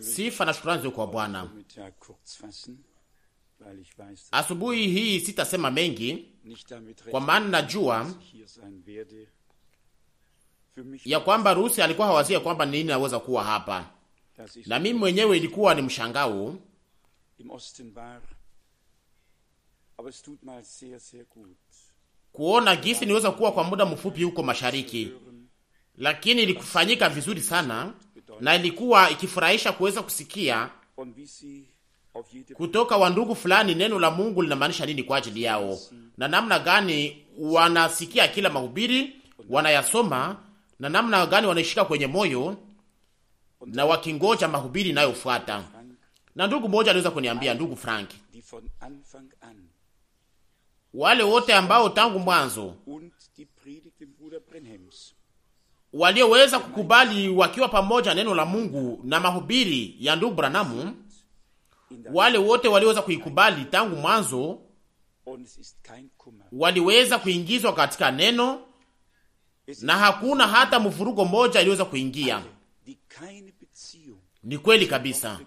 Sifa na shukrani ziwe kwa Bwana. Asubuhi hii sitasema mengi, kwa maana najua ya kwamba Rusi alikuwa hawazia kwamba nini naweza kuwa hapa, na mimi mwenyewe ilikuwa ni mshangao kuona gisi niweza kuwa kwa muda mfupi huko mashariki lakini ilikufanyika vizuri sana na ilikuwa ikifurahisha kuweza kusikia kutoka wa ndugu fulani neno la Mungu linamaanisha nini kwa ajili yao, na namna gani wanasikia kila mahubiri wanayasoma, na namna gani wanaishika kwenye moyo na wakingoja mahubiri inayofuata. Na ndugu mmoja aliweza kuniambia, ndugu Frank, wale wote ambao tangu mwanzo walioweza kukubali wakiwa pamoja neno la Mungu na mahubiri ya ndugu Branamu, wale wote walioweza kuikubali tangu mwanzo waliweza kuingizwa katika neno, na hakuna hata mvurugo moja aliweza kuingia. Ni kweli kabisa,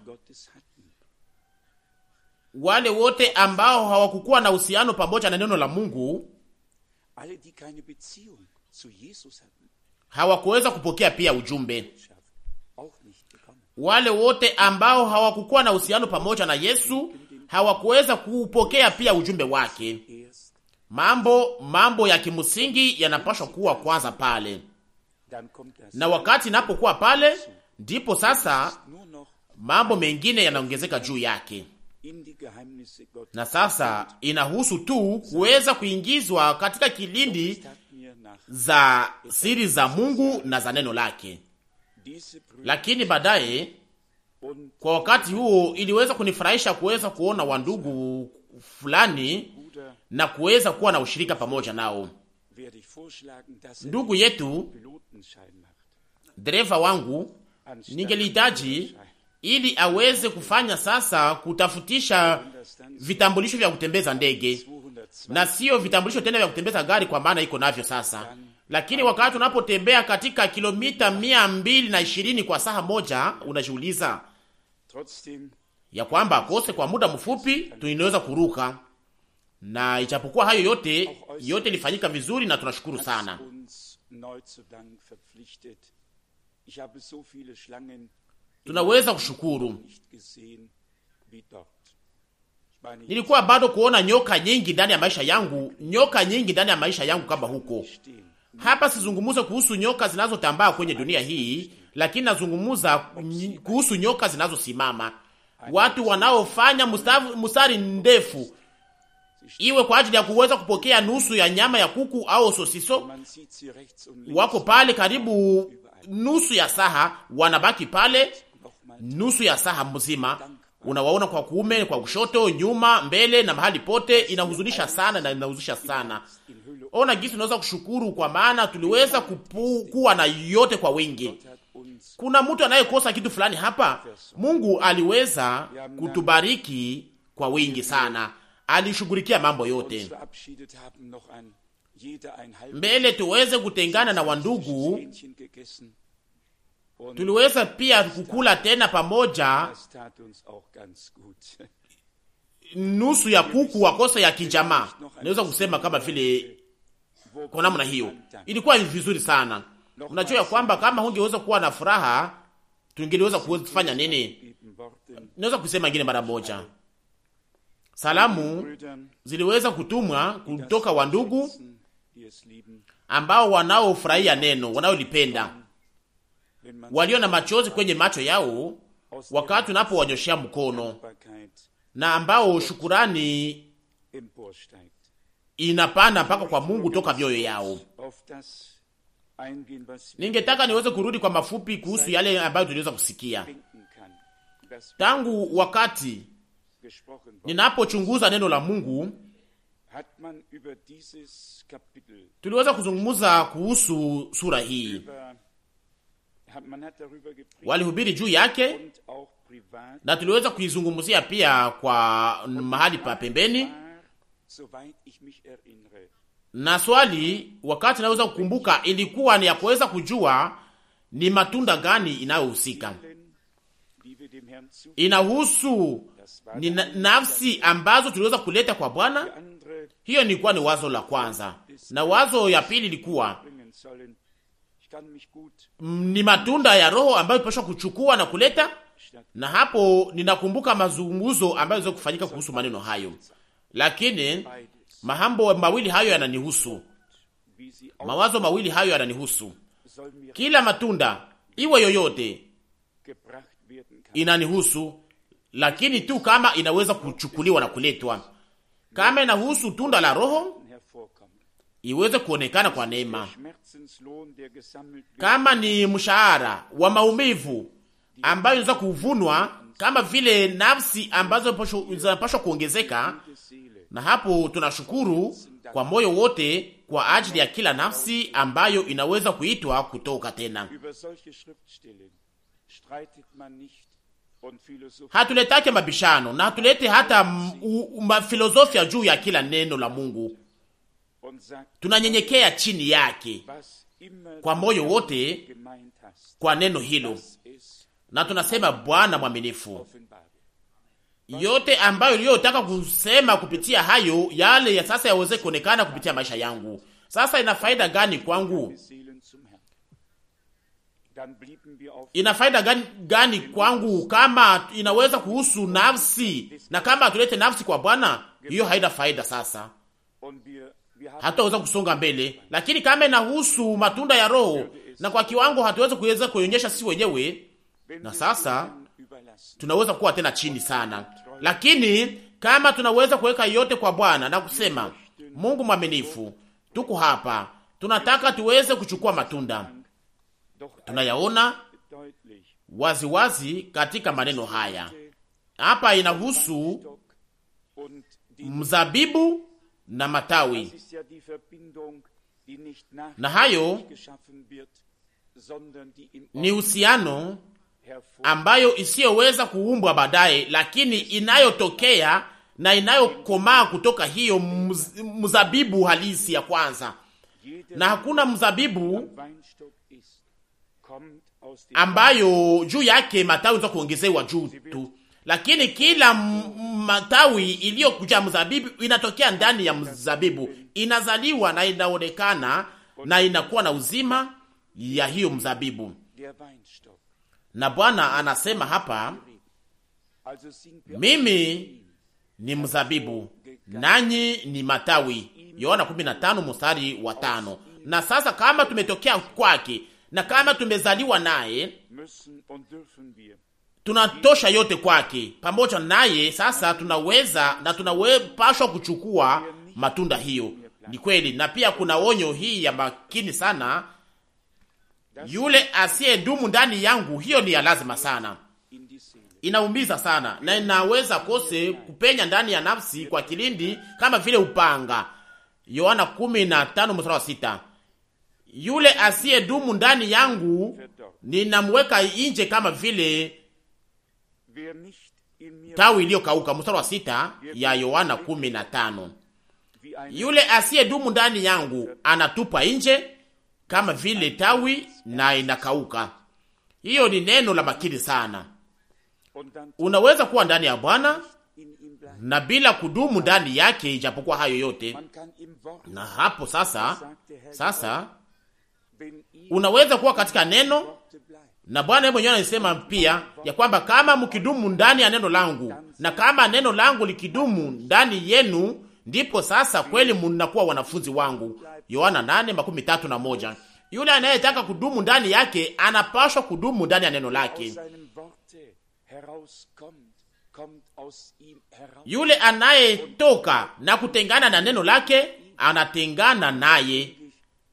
wale wote ambao hawakukuwa na uhusiano pamoja na neno la Mungu hawakuweza kupokea pia ujumbe. Wale wote ambao hawakukuwa na uhusiano pamoja na Yesu hawakuweza kupokea pia ujumbe wake. Mambo mambo ya kimsingi yanapaswa kuwa kwanza pale, na wakati inapokuwa pale, ndipo sasa mambo mengine yanaongezeka juu yake. Na sasa inahusu tu kuweza kuingizwa katika kilindi za siri za Mungu na za neno lake, lakini baadaye kwa wakati huo iliweza kunifurahisha kuweza kuona wandugu fulani na kuweza kuwa na ushirika pamoja nao. Er Ndugu yetu dereva wangu ningelihitaji ili aweze kufanya sasa kutafutisha vitambulisho vya kutembeza ndege na sio vitambulisho tena vya kutembeza gari, kwa maana iko navyo sasa. Lakini wakati unapotembea katika kilomita mia mbili na ishirini kwa saa moja, unajiuliza ya kwamba kose kwa muda mfupi tunaweza kuruka, na ijapokuwa hayo yote yote ilifanyika vizuri na tunashukuru sana. Tunaweza kushukuru Nilikuwa bado kuona nyoka nyingi ndani ya maisha yangu, nyoka nyingi ndani ya maisha yangu kama huko. Hapa sizungumuze kuhusu nyoka zinazotambaa kwenye dunia hii, lakini nazungumuza kuhusu nyoka zinazosimama, watu wanaofanya mstari ndefu iwe kwa ajili ya kuweza kupokea nusu ya nyama ya kuku au sosiso. Wako pale karibu nusu ya saha, wanabaki pale nusu ya saha mzima, Unawaona kwa kuume, kwa kushoto, nyuma, mbele na mahali pote. Inahuzunisha sana na inahuzunisha sana. Ona gisi unaweza kushukuru kwa maana tuliweza kupu, kuwa na yote kwa wingi. Kuna mtu anayekosa kitu fulani hapa. Mungu aliweza kutubariki kwa wingi sana, alishughulikia mambo yote mbele tuweze kutengana na wandugu tuliweza pia kukula tena pamoja nusu ya kuku wa kosa ya kijamaa, naweza kusema kama vile kwa namna hiyo ilikuwa vizuri sana. Unajua ya kwamba kama hungeweza kuwa na furaha, tungeliweza kufanya nini? Naweza kusema ingine mara moja, salamu ziliweza kutumwa kutoka wandugu ambao wanaofurahia neno wanaolipenda walio na machozi kwenye macho yao wakati unapowanyoshea mkono na ambao shukurani inapanda mpaka kwa Mungu toka vyoyo yao. Ningetaka niweze kurudi kwa mafupi kuhusu yale ambayo tuliweza kusikia tangu wakati ninapochunguza neno la Mungu. Tuliweza kuzungumza kuhusu sura hii walihubiri juu yake na tuliweza kuizungumzia pia kwa mahali pa pembeni. Na swali wakati naweza kukumbuka, ilikuwa ni ya kuweza kujua ni matunda gani inayohusika. Inahusu ni nafsi ambazo tuliweza kuleta kwa Bwana. Hiyo nilikuwa ni wazo la kwanza, na wazo ya pili ilikuwa ni matunda ya Roho ambayo pashwa kuchukua na kuleta, na hapo ninakumbuka mazungumzo ambayo yaweza kufanyika kuhusu maneno hayo, lakini mahambo mawili hayo yananihusu, mawazo mawili hayo yananihusu. Kila matunda iwe yoyote inanihusu, lakini tu kama inaweza kuchukuliwa na kuletwa, kama inahusu tunda la Roho iweze kuonekana kwa neema. Kama ni mshahara wa maumivu ambayo inaweza kuvunwa, kama vile nafsi ambazo zinapashwa kuongezeka, na hapo tunashukuru kwa moyo wote kwa ajili ya kila nafsi ambayo inaweza kuitwa kutoka tena. Hatuletake mabishano na hatulete hata mafilosofia juu ya kila neno la Mungu, tunanyenyekea chini yake kwa moyo wote kwa neno hilo, na tunasema Bwana mwaminifu, yote ambayo uliyotaka kusema kupitia hayo, yale ya sasa yaweze kuonekana kupitia maisha yangu. Sasa ina faida gani kwangu? Ina faida gani, gani kwangu kama inaweza kuhusu nafsi, na kama tulete nafsi kwa Bwana, hiyo haina faida. Sasa hatutaweza kusonga mbele, lakini kama inahusu matunda ya Roho na kwa kiwango hatuwezi kuweza kuonyesha sisi wenyewe, na sasa tunaweza kuwa tena chini sana, lakini kama tunaweza kuweka yote kwa Bwana na kusema, Mungu mwaminifu, tuko hapa, tunataka tuweze kuchukua matunda. Tunayaona wazi wazi katika maneno haya hapa, inahusu mzabibu na matawi, na hayo ni uhusiano ambayo isiyoweza kuumbwa baadaye, lakini inayotokea na inayokomaa kutoka hiyo mzabibu halisi ya kwanza. Na hakuna mzabibu ambayo juu yake matawi za kuongezewa juu tu, lakini kila matawi iliyokuja mzabibu inatokea ndani ya mzabibu, inazaliwa na inaonekana na inakuwa na uzima ya hiyo mzabibu. Na Bwana anasema hapa, mimi ni mzabibu nanyi ni matawi, Yohana 15 mstari wa tano. Na sasa kama tumetokea kwake na kama tumezaliwa naye tunatosha yote kwake. Pamoja naye sasa tunaweza na tunapashwa kuchukua matunda hiyo, ni kweli. Na pia kuna onyo hii ya makini sana, yule asiye dumu ndani yangu. Hiyo ni ya lazima sana, inaumiza sana, na inaweza kose kupenya ndani ya nafsi kwa kilindi kama vile upanga. Yohana 15 mstari wa sita. Yule asiye dumu ndani yangu ninamweka nje kama vile tawi iliyokauka, mstari wa sita ya Yohana kumi na tano yule asiye dumu ndani yangu anatupa nje kama vile tawi na inakauka. Hiyo ni neno la makini sana. Unaweza kuwa ndani ya Bwana na bila kudumu ndani yake, ijapokuwa hayo yote. Na hapo sasa, sasa unaweza kuwa katika neno na Bwana yeye mwenyewe anasema pia ya kwamba kama mkidumu ndani ya neno langu na kama neno langu likidumu ndani yenu, ndipo sasa kweli mnakuwa wanafunzi wangu. Yohana 8:31. Yule anayetaka kudumu ndani yake anapaswa kudumu ndani ya neno lake. Yule anayetoka na kutengana na neno lake anatengana naye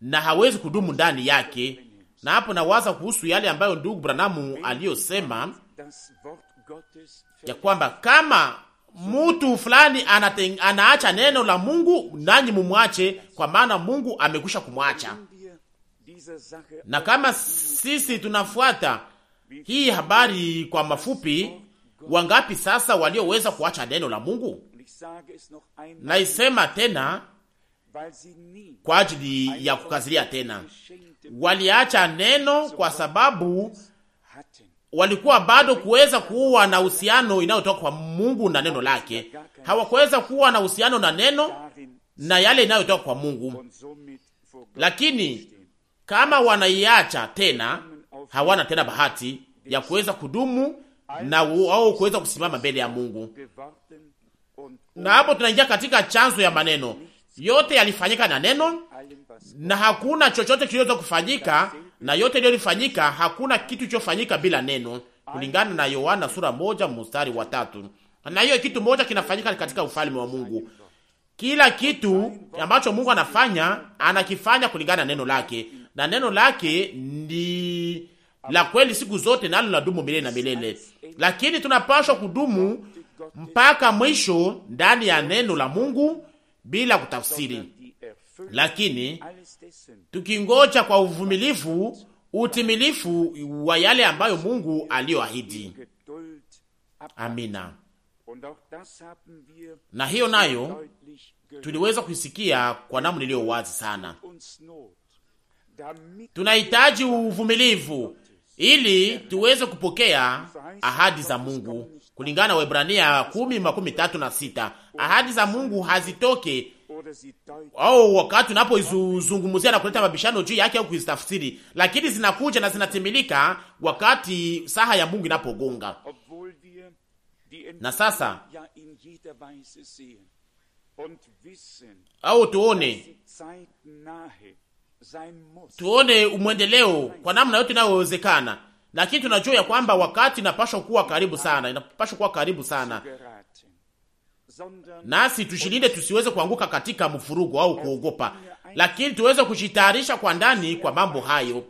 na hawezi kudumu ndani yake na hapo nawaza kuhusu yale ambayo ndugu Branamu aliyosema ya kwamba kama mtu fulani anateng, anaacha neno la Mungu, nanyi mumwache, kwa maana Mungu amekwisha kumwacha. Na kama sisi tunafuata hii habari kwa mafupi, wangapi sasa walioweza kuacha neno la Mungu? Naisema tena kwa ajili ya kukazilia tena waliacha neno kwa sababu walikuwa bado kuweza kuwa na uhusiano inayotoka kwa Mungu na neno lake. Hawakuweza kuwa na uhusiano na neno na yale inayotoka kwa Mungu, lakini kama wanaiacha tena, hawana tena bahati ya kuweza kudumu na au kuweza kusimama mbele ya Mungu. Na hapo tunaingia katika chanzo ya maneno yote yalifanyika na neno, na hakuna chochote kiliweza kufanyika, na yote iliyofanyika, hakuna kitu kilichofanyika bila neno, kulingana na Yohana sura moja mstari wa tatu. Na hiyo kitu moja kinafanyika katika ufalme wa Mungu. Kila kitu ambacho Mungu anafanya anakifanya kulingana na neno lake, na neno lake ni la kweli siku zote, nalo ladumu milele na milele. Lakini tunapaswa kudumu mpaka mwisho ndani ya neno la Mungu bila kutafsiri, lakini tukingoja kwa uvumilivu utimilifu wa yale ambayo Mungu aliyoahidi. Amina. Na hiyo nayo tuliweza kuisikia kwa namna iliyo wazi sana. Tunahitaji uvumilivu ili tuweze kupokea ahadi za Mungu kulingana na Waebrania kumi makumi tatu na sita. Ahadi za Mungu hazitoke au wakati unapozungumzia na kuleta mabishano juu yake au kuzitafsiri, lakini zinakuja na zinatimilika wakati saha ya Mungu inapogonga. Na sasa au tuone tuone umwendeleo kwa namna yote inayowezekana lakini tunajua ya kwamba wakati inapashwa kuwa karibu sana, inapashwa kuwa karibu sana, nasi tushilinde tusiweze kuanguka katika mfurugo au kuogopa, lakini tuweze kujitayarisha kwa ndani kwa mambo hayo,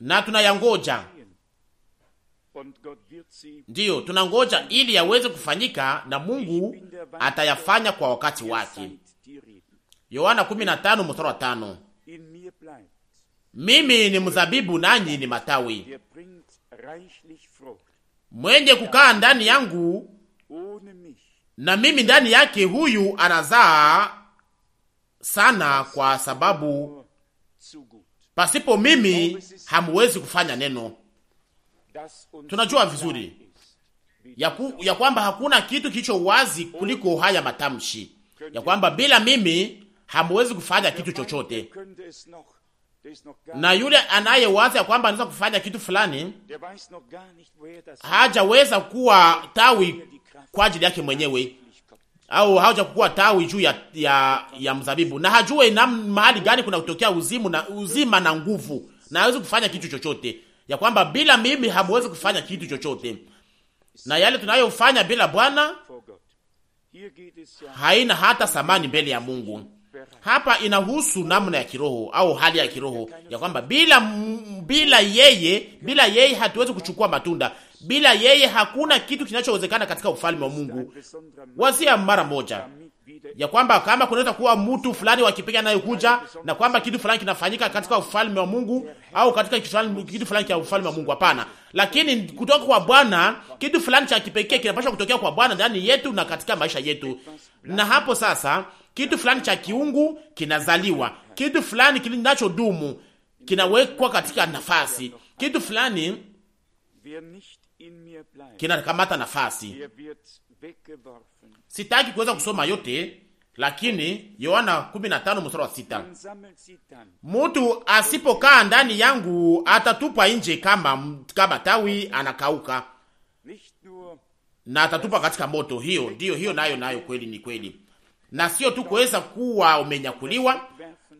na tunayangoja ndiyo tunangoja ili yaweze kufanyika na Mungu atayafanya kwa wakati wake. Yohana 15 mstari wa 5. Mimi ni mzabibu nanyi ni matawi. Mwenye kukaa ndani yangu na mimi ndani yake, huyu anazaa sana, kwa sababu pasipo mimi hamuwezi kufanya neno. Tunajua vizuri ya, ku, ya kwamba hakuna kitu kilicho wazi kuliko haya matamshi ya kwamba bila mimi hamuwezi kufanya kitu chochote na yule anayewaza ya kwamba anaweza kufanya kitu fulani hajaweza kuwa tawi kwa ajili yake mwenyewe au haja kukuwa tawi juu ya, ya, ya mzabibu na hajue na mahali gani kuna kutokea uzimu na, uzima na nguvu, na hawezi kufanya kitu chochote, ya kwamba bila mimi hamwezi kufanya kitu chochote, na yale tunayofanya bila Bwana uh, haina hata thamani mbele ya Mungu. Hapa inahusu namna ya kiroho au hali ya kiroho ya kwamba bila bila yeye, bila yeye hatuwezi kuchukua matunda. Bila yeye hakuna kitu kinachowezekana katika ufalme wa Mungu. Wazia mara moja ya kwamba kama kunaweza kuwa mtu fulani wa kipekee anayekuja na kwamba kitu fulani kinafanyika katika ufalme wa Mungu au katika kitu fulani cha ufalme wa Mungu, hapana. Lakini kutoka kwa Bwana, kitu fulani cha kipekee kinapaswa kutokea kwa Bwana ndani yetu na katika maisha yetu, na hapo sasa kitu fulani cha kiungu kinazaliwa, kitu fulani kinachodumu kinawekwa katika nafasi, kitu fulani kinakamata nafasi. Sitaki kuweza kusoma yote, lakini Yohana 15 mstari wa sita, mutu asipokaa ndani yangu atatupa nje kama, kama tawi anakauka na atatupa katika moto. Hiyo ndiyo hiyo, nayo nayo kweli ni kweli na sio tu kuweza kuwa umenyakuliwa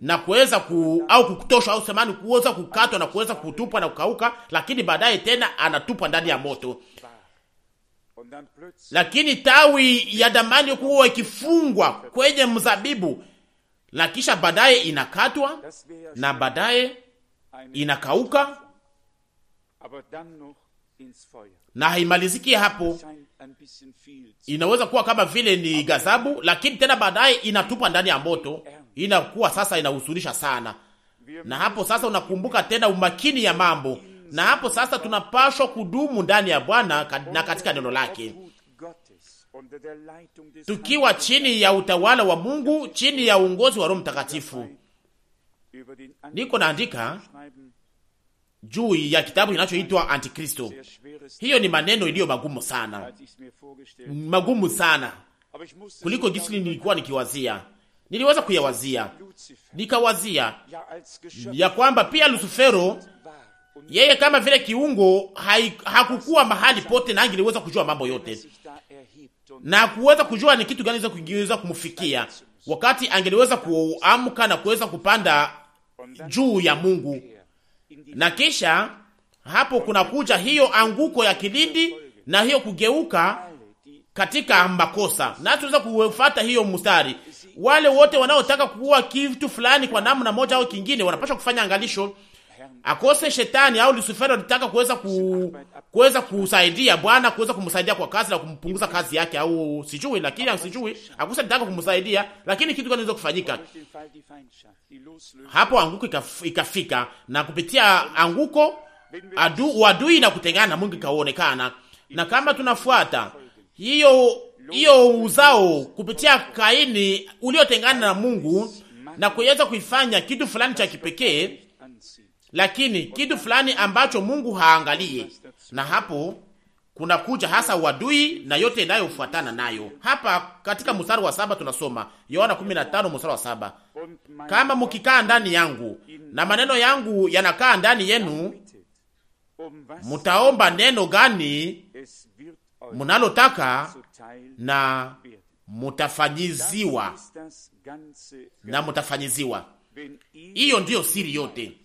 na kuweza ku au kukutosha au semani kuweza kukatwa na kuweza kutupwa na kukauka, lakini baadaye tena anatupwa ndani ya moto. Lakini tawi ya damani kuwa ikifungwa kwenye mzabibu, na kisha baadaye inakatwa na baadaye inakauka na haimaliziki hapo, inaweza kuwa kama vile ni gazabu, lakini tena baadaye inatupa ndani ya moto, inakuwa sasa inahusunisha sana, na hapo sasa unakumbuka tena umakini ya mambo, na hapo sasa tunapashwa kudumu ndani ya Bwana na katika neno lake, tukiwa chini ya utawala wa Mungu, chini ya uongozi wa Roho Mtakatifu. Niko naandika juu ya kitabu kinachoitwa Antikristo. Hiyo ni maneno iliyo magumu sana, magumu sana kuliko jinsi nilikuwa nikiwazia. Niliweza kuyawazia, nikawazia ya kwamba pia Lusufero yeye kama vile kiungo hakukuwa mahali pote, na angeliweza kujua mambo yote na kuweza kujua ni kitu gani ingeweza kumfikia wakati angeliweza kuamka na kuweza kupanda juu ya Mungu na kisha hapo kunakuja hiyo anguko ya kilindi na hiyo kugeuka katika makosa, na tunaweza kufuata hiyo mstari. Wale wote wanaotaka kuua kitu fulani kwa namna moja au kingine wanapaswa kufanya angalisho akose shetani au Lusiferi alitaka kuweza ku, kuweza kusaidia Bwana kuweza kumsaidia kwa kazi na kumpunguza kazi yake, au sijui, lakini sijui akose alitaka kumsaidia, lakini kitu kinaweza kufanyika hapo. Anguko ikafika na kupitia anguko adu adui na kutengana na Mungu ikaonekana, na kama tunafuata hiyo hiyo uzao kupitia Kaini uliotengana na Mungu na kuweza kuifanya kitu fulani cha kipekee lakini kitu fulani ambacho Mungu haangalie, na hapo kuna kuja hasa uadui na yote inayofuatana nayo. Hapa katika mstari wa saba tunasoma Yohana 15 mstari wa saba, kama mkikaa ndani yangu na maneno yangu yanakaa ndani yenu, mtaomba neno gani mnalotaka na mutafanyiziwa, na mutafanyiziwa. Hiyo ndiyo siri yote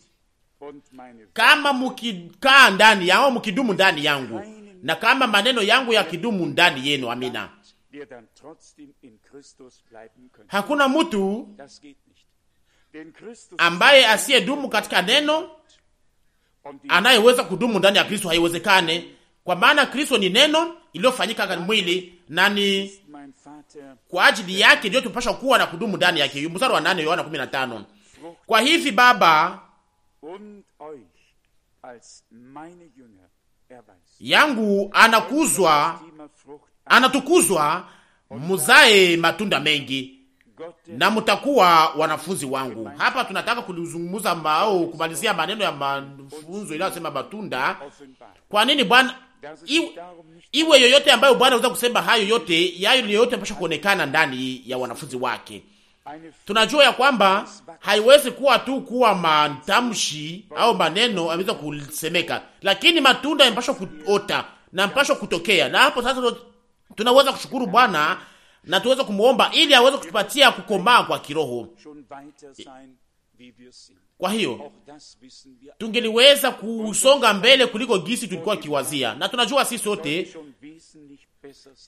kama mukikaa ndani yao, mukidumu ndani yangu, na kama maneno yangu ya kidumu ndani yenu. Amina. Hakuna mtu ambaye asiyedumu katika neno anayeweza kudumu ndani ya Kristo, haiwezekane. Kwa maana Kristo ni neno iliyofanyika mwili, na ni kwa ajili yake ndiyo tupasha kuwa na kudumu ndani yake. Mstari wa nane, Yohana 15. Kwa hivi Baba yangu anakuzwa, anatukuzwa, muzae matunda mengi na mutakuwa wanafunzi wangu. Hapa tunataka kulizungumza mbao kumalizia maneno ya mafunzo inayosema matunda. Kwa nini Bwana iwe yoyote ambayo Bwana anaweza kusema hayo yote, yayo yote mpasha kuonekana ndani ya wanafunzi wake. Tunajua ya kwamba haiwezi kuwa tu kuwa matamshi au maneno yameweza kusemeka, lakini matunda yanapaswa kuota na yanapaswa kutokea, na hapo sasa tunaweza kushukuru Bwana na tuweze kumwomba ili aweze kutupatia kukomaa kwa kiroho. Kwa hiyo tungeliweza kusonga mbele kuliko gisi tulikuwa kiwazia, na tunajua si sote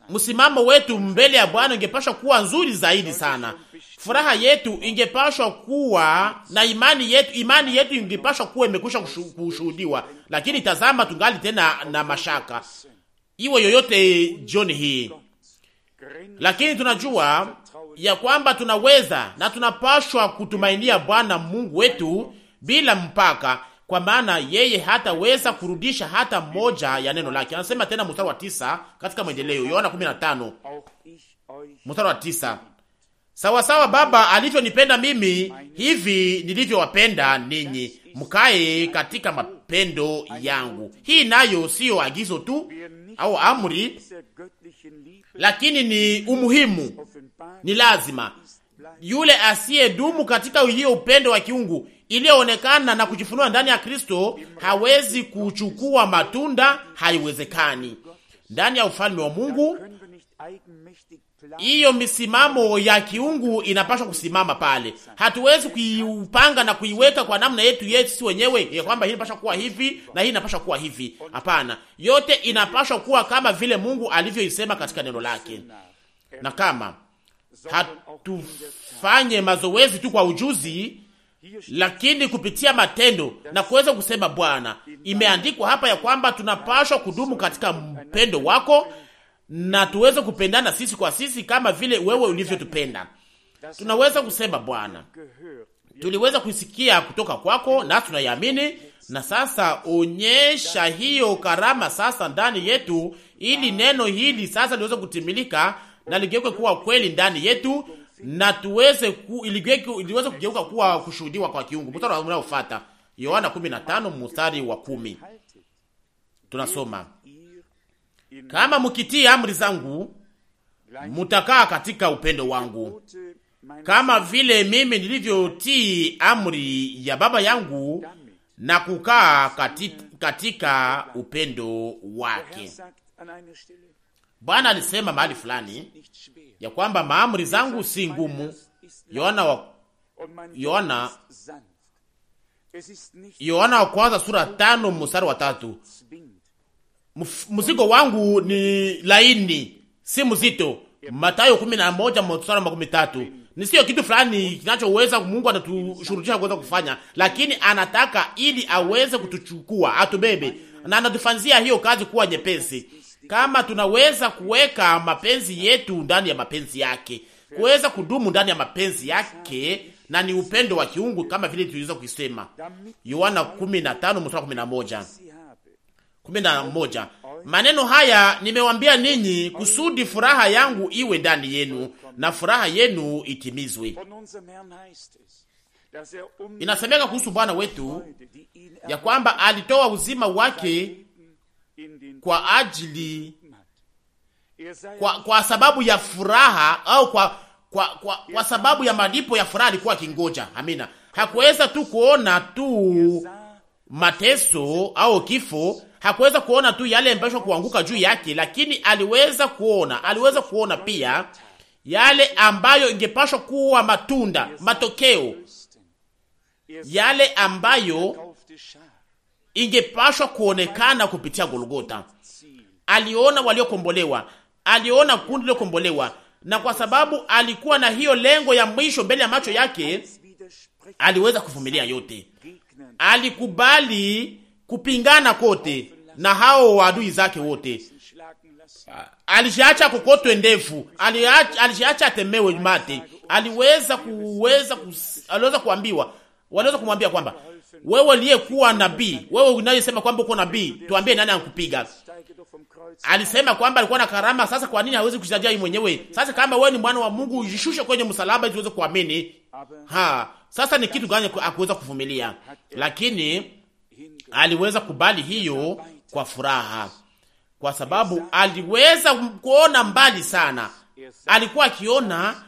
msimamo wetu mbele ya Bwana ingepashwa kuwa nzuri zaidi sana. Furaha yetu ingepashwa kuwa na imani yetu, imani yetu ingepashwa kuwa imekwisha kushuhudiwa, lakini tazama, tungali tena na mashaka iwe yoyote jioni hii, lakini tunajua ya kwamba tunaweza na tunapashwa kutumainia Bwana Mungu wetu bila mpaka kwa maana yeye hataweza kurudisha hata moja ya neno lake. Anasema tena mstari wa tisa katika mwendeleo, Yohana 15 mstari wa tisa sawasawa Baba alivyonipenda mimi, hivi nilivyowapenda ninyi, mkae katika mapendo yangu. Hii nayo siyo agizo tu au amri, lakini ni umuhimu, ni lazima. Yule asiyedumu katika hiyo upendo wa kiungu iliyoonekana na kujifunua ndani ya Kristo hawezi kuchukua matunda, haiwezekani ndani ya ufalme wa Mungu. Hiyo misimamo ya kiungu inapaswa kusimama pale. Hatuwezi kuiupanga na kuiweka kwa namna yetu yetu si wenyewe, ya kwamba hii inapaswa kuwa hivi na hii inapaswa kuwa hivi. Hapana, yote inapaswa kuwa kama vile Mungu alivyoisema katika neno lake, na kama hatufanye mazoezi tu kwa ujuzi lakini kupitia matendo na kuweza kusema Bwana, imeandikwa hapa ya kwamba tunapashwa kudumu katika mpendo wako na tuweze kupendana sisi kwa sisi kama vile wewe ulivyotupenda. Tunaweza kusema Bwana, tuliweza kuisikia kutoka kwako na tunaiamini, na sasa onyesha hiyo karama sasa ndani yetu, ili neno hili sasa liweze kutimilika na ligeuke kuwa kweli ndani yetu na tuweze ku, iliweze kugeuka kuwa kushuhudiwa kwa kiungu. Mstari unaofuata Yohana 15 mstari wa kumi tunasoma kama mkitii amri zangu mutakaa katika upendo wangu kama vile mimi nilivyotii amri ya Baba yangu na kukaa katika, katika upendo wake. Bwana alisema mahali fulani ya kwamba maamri zangu si ngumu. Yohana wa Yohana Yohana wa kwanza sura tano mstari wa tatu. Mzigo wangu ni laini, si mzito. Mathayo moja mstari makumi tatu Ni sio kitu fulani kinachoweza Mungu anatushurutisha kuweza kufanya, lakini anataka ili aweze kutuchukua, atubebe na anatufanzia hiyo kazi kuwa nyepesi kama tunaweza kuweka mapenzi yetu ndani ya mapenzi yake, kuweza kudumu ndani ya mapenzi yake, na ni upendo wa kiungu kama vile tuliweza kuisema Yohana 15:11 11. Maneno haya nimewambia ninyi kusudi furaha yangu iwe ndani yenu na furaha yenu itimizwe. Inasemeka kuhusu Bwana wetu ya kwamba alitoa uzima wake kwa ajili kwa, kwa sababu ya furaha au kwa, kwa, kwa, kwa sababu ya malipo ya furaha alikuwa akingoja. Amina, hakuweza tu kuona tu mateso au kifo, hakuweza kuona tu yale ambayo kuanguka juu yake, lakini aliweza kuona, aliweza kuona pia yale ambayo ingepashwa kuwa matunda, matokeo yale ambayo ingepashwa kuonekana kupitia Golgota. Aliona waliokombolewa, aliona kundi liliokombolewa, na kwa sababu alikuwa na hiyo lengo ya mwisho mbele ya macho yake, aliweza kuvumilia yote, alikubali kupingana kote na hao waadui zake wote. Alijiacha kokotwe ndefu, alijiacha atemewe mate. Aliweza kuweza kus, aliweza kuambiwa, waliweza kumwambia kwamba wewe uliyekuwa nabii, wewe unayesema kwamba uko nabii, tuambie nani anakupiga? Alisema kwamba alikuwa na karama, sasa kwa nini hawezi kujitaja yeye mwenyewe? Sasa kama wewe ni mwana wa Mungu, jishushe kwenye msalaba ili uweze kuamini. Ha, sasa ni kitu gani akuweza kuvumilia? Lakini aliweza kubali hiyo kwa furaha, kwa sababu aliweza kuona mbali sana. Alikuwa akiona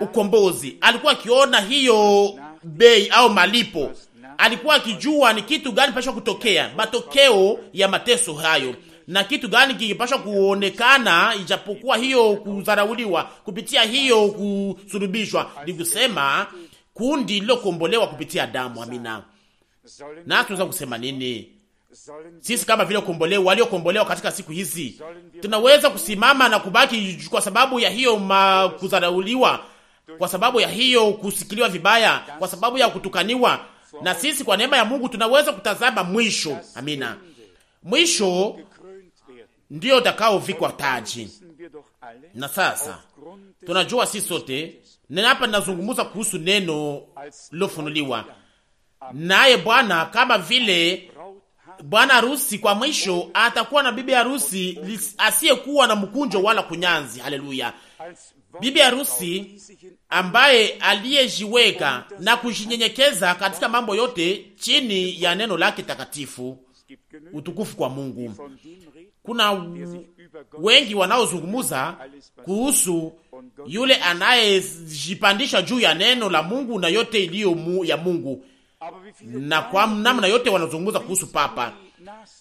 ukombozi, alikuwa akiona hiyo bei au malipo. Alikuwa akijua ni kitu gani pashwa kutokea, matokeo ya mateso hayo na kitu gani kingepashwa kuonekana, ijapokuwa hiyo kudharauliwa kupitia hiyo kusulubishwa, ni kusema kundi lilokombolewa kupitia damu. Amina. Na tunaweza kusema nini sisi kama vile kombolewa, waliokombolewa katika siku hizi? Tunaweza kusimama na kubaki kwa sababu ya hiyo kuzarauliwa kwa sababu ya hiyo kusikiliwa vibaya, kwa sababu ya kutukaniwa. Na sisi kwa neema ya Mungu tunaweza kutazama mwisho. Amina, mwisho ndiyo utakaovikwa taji. Na sasa tunajua sisi sote na hapa ninazungumza kuhusu neno lilofunuliwa naye Bwana, kama vile bwana harusi kwa mwisho atakuwa na bibi harusi asiyekuwa na mkunjo wala kunyanzi. Haleluya! bibi harusi ambaye aliyejiweka na kujinyenyekeza katika mambo yote chini ya neno lake takatifu. Utukufu kwa Mungu. Kuna wengi wanaozungumuza kuhusu yule anayejipandisha juu ya neno la Mungu na yote iliyo mu ya Mungu, na kwa namna yote wanazungumuza kuhusu papa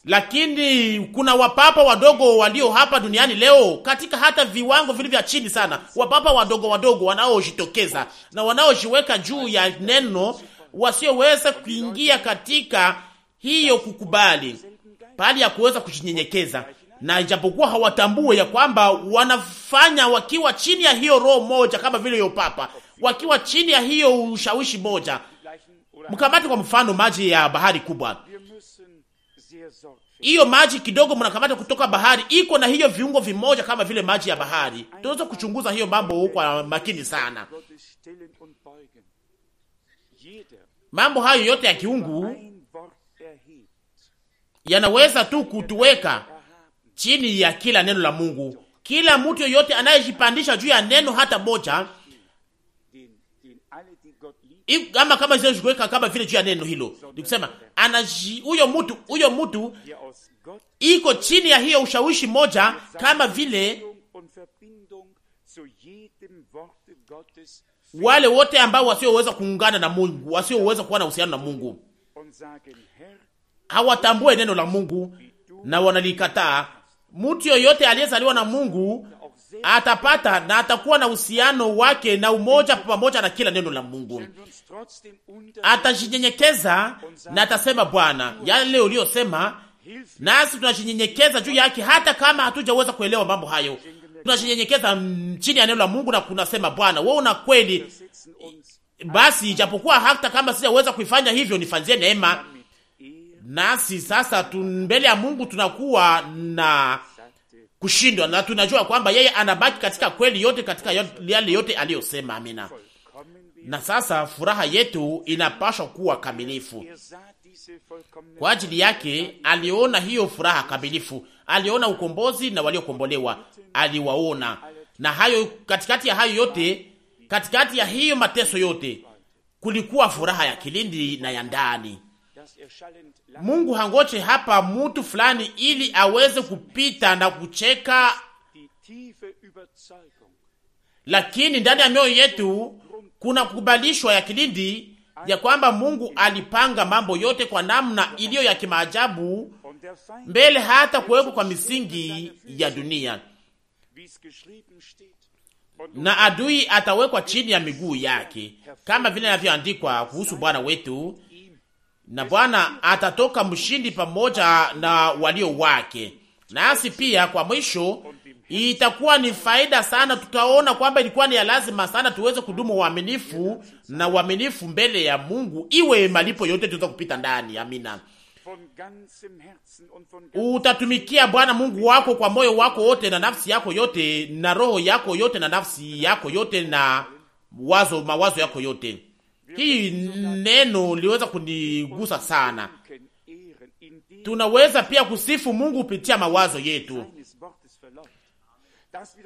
lakini kuna wapapa wadogo walio hapa duniani leo katika hata viwango vile vya chini sana, wapapa wadogo wadogo wanaojitokeza na wanaojiweka juu ya neno, wasioweza kuingia katika hiyo kukubali pali ya kuweza kujinyenyekeza, na ijapokuwa hawatambue ya kwamba wanafanya wakiwa chini ya hiyo roho moja, kama vile hiyo papa, wakiwa chini ya hiyo ushawishi moja. Mkamate kwa mfano maji ya bahari kubwa hiyo maji kidogo mnakamata kutoka bahari iko na hiyo viungo vimoja kama vile maji ya bahari. Tunaweza kuchunguza hiyo mambo huko makini sana. Mambo hayo yote ya kiungu yanaweza tu kutuweka chini ya kila neno la Mungu. Kila mtu yoyote anayejipandisha juu ya neno hata moja ama kama ziwezi kama vile juu ya neno hilo, nikusema anaji huyo mtu huyo mtu iko chini ya hiyo ushawishi moja, kama vile wale wote ambao wasioweza kuungana na Mungu, wasioweza kuwa na uhusiano na Mungu, hawatambue neno la Mungu na wanalikataa. Mtu yoyote aliyezaliwa na Mungu atapata na atakuwa na uhusiano wake na umoja pamoja na kila neno la Mungu. Atajinyenyekeza na atasema, Bwana, yale uliyosema nasi tunajinyenyekeza juu yake, hata kama hatujaweza kuelewa mambo hayo, tunajinyenyekeza chini ya neno la Mungu na kunasema, Bwana, wewe una kweli, basi japokuwa hata kama sijaweza kuifanya hivyo, nifanzie neema. Nasi sasa tu mbele ya Mungu tunakuwa na kushindwa, na tunajua kwamba yeye anabaki katika kweli yote, katika yale yote aliyosema. Amina. Na sasa furaha yetu inapashwa kuwa kamilifu. Kwa ajili yake aliona hiyo furaha kamilifu, aliona ukombozi na waliokombolewa aliwaona, na hayo katikati ya hayo yote, katikati ya hiyo mateso yote, kulikuwa furaha ya kilindi na ya ndani. Mungu hangoche hapa mutu fulani ili aweze kupita na kucheka, lakini ndani ya mioyo yetu kuna kukubalishwa ya kilindi ya kwamba Mungu alipanga mambo yote kwa namna iliyo ya kimaajabu mbele hata kuwekwa kwa misingi ya dunia, na adui atawekwa chini ya miguu yake, kama vile inavyoandikwa kuhusu Bwana wetu na Bwana atatoka mshindi pamoja na walio wake. Nasi pia kwa mwisho itakuwa ni faida sana, tutaona kwamba ilikuwa ni ya lazima sana tuweze kudumu waaminifu na waaminifu mbele ya Mungu, iwe malipo yote tuweza kupita ndani. Amina. Utatumikia Bwana Mungu wako kwa moyo wako wote na nafsi yako yote na roho yako yote na nafsi yako yote na wazo mawazo yako yote. Hii neno liweza kunigusa sana. Tunaweza pia kusifu Mungu kupitia mawazo yetu,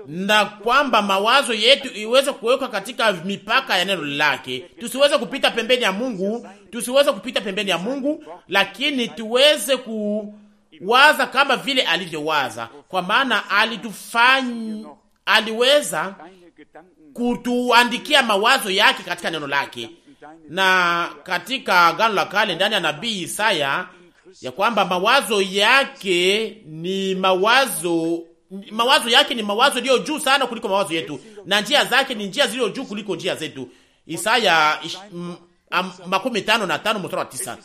na kwamba mawazo yetu iweze kuwekwa katika mipaka ya neno lake. Tusiweze kupita pembeni ya Mungu, tusiweze kupita pembeni ya Mungu, lakini tuweze kuwaza kama vile alivyowaza, kwa maana alitufanya, aliweza kutuandikia mawazo yake katika neno lake na katika Agano la Kale ndani ya nabii Isaya ya kwamba mawazo yake ni mawazo mawazo yake ni mawazo yaliyo juu sana kuliko mawazo yetu, na njia zake ni njia zilizo juu kuliko njia zetu. Isaya makumi tano na tano mstari wa tisa.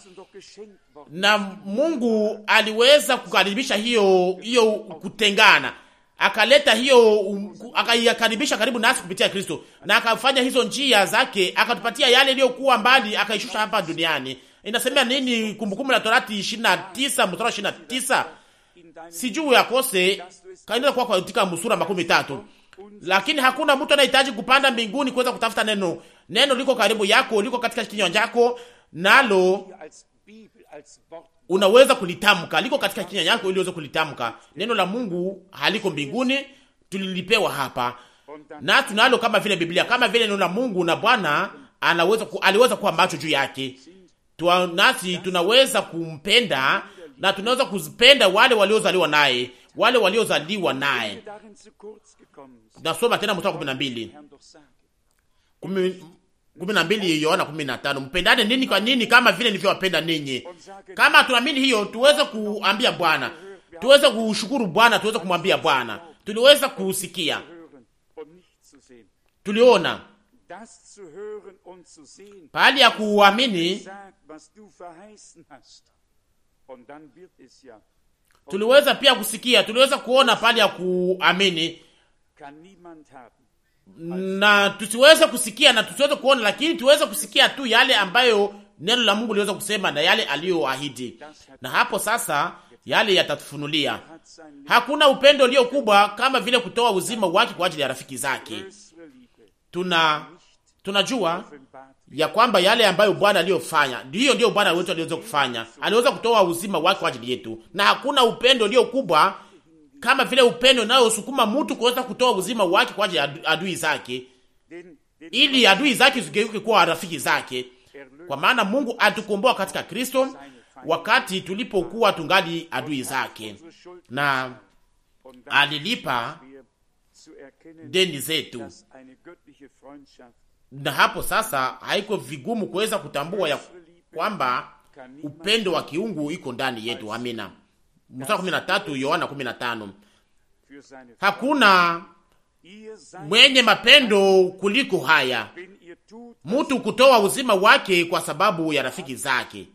Na Mungu aliweza kukaribisha hiyo hiyo kutengana akaleta hiyo um, akaikaribisha karibu nasi kupitia Kristo na akafanya hizo njia zake, akatupatia yale iliyokuwa mbali, akaishusha hapa duniani. Inasemea nini? Kumbukumbu la Torati 29 mstari 29, sijui akose kaenda kwa katika msura makumi tatu. Lakini hakuna mtu anahitaji kupanda mbinguni kuweza kutafuta neno. Neno liko karibu yako, liko katika kinywa chako, nalo unaweza kulitamka, liko katika kinywa yako ili uweze kulitamka. Neno la Mungu haliko mbinguni, tulilipewa hapa na tunalo kama vile Biblia, kama vile neno la Mungu na Bwana anaweza ku, aliweza kuwa macho juu yake Tua, nasi tunaweza kumpenda na tunaweza kuzipenda wale waliozaliwa naye, wale waliozaliwa naye. Nasoma tena mstari wa kumi na mbili kumi na mbili Yohana kumi na tano mpendane nini kwa nini kama vile nilivyowapenda ninyi. Kama tunaamini hiyo, tuweze kuambia Bwana, tuweze kushukuru Bwana, tuweze kumwambia Bwana tuliweza kusikia, tuliona pahali ya kuamini, tuliweza pia kusikia, tuliweza kuona pahali ya kuamini na tusiweze kusikia na tusiweze kuona, lakini tuweze kusikia tu yale ambayo neno la Mungu liweza kusema na yale aliyoahidi, na hapo sasa yale yatatufunulia. Hakuna upendo ulio kubwa kama vile kutoa uzima wake kwa ajili ya rafiki zake. Tuna tunajua ya kwamba yale ambayo Bwana aliyofanya ndiyo ndiyo Bwana wetu aliweza kufanya, aliweza kutoa uzima wake kwa ajili yetu, na hakuna upendo ulio kubwa kama vile upendo unayosukuma mtu kuweza kutoa uzima wake kwa ajili ya adui zake, ili adui zake zigeuke kuwa rafiki zake. Kwa maana Mungu alitukomboa katika Kristo wakati tulipokuwa tungali adui zake, na alilipa deni zetu, na hapo sasa haiko vigumu kuweza kutambua ya kwamba upendo wa kiungu iko ndani yetu. Amina mstari kumi tatu Yohana kumi tano hakuna mwenye mapendo kuliko haya, mtu kutoa uzima wake kwa sababu ya rafiki zake.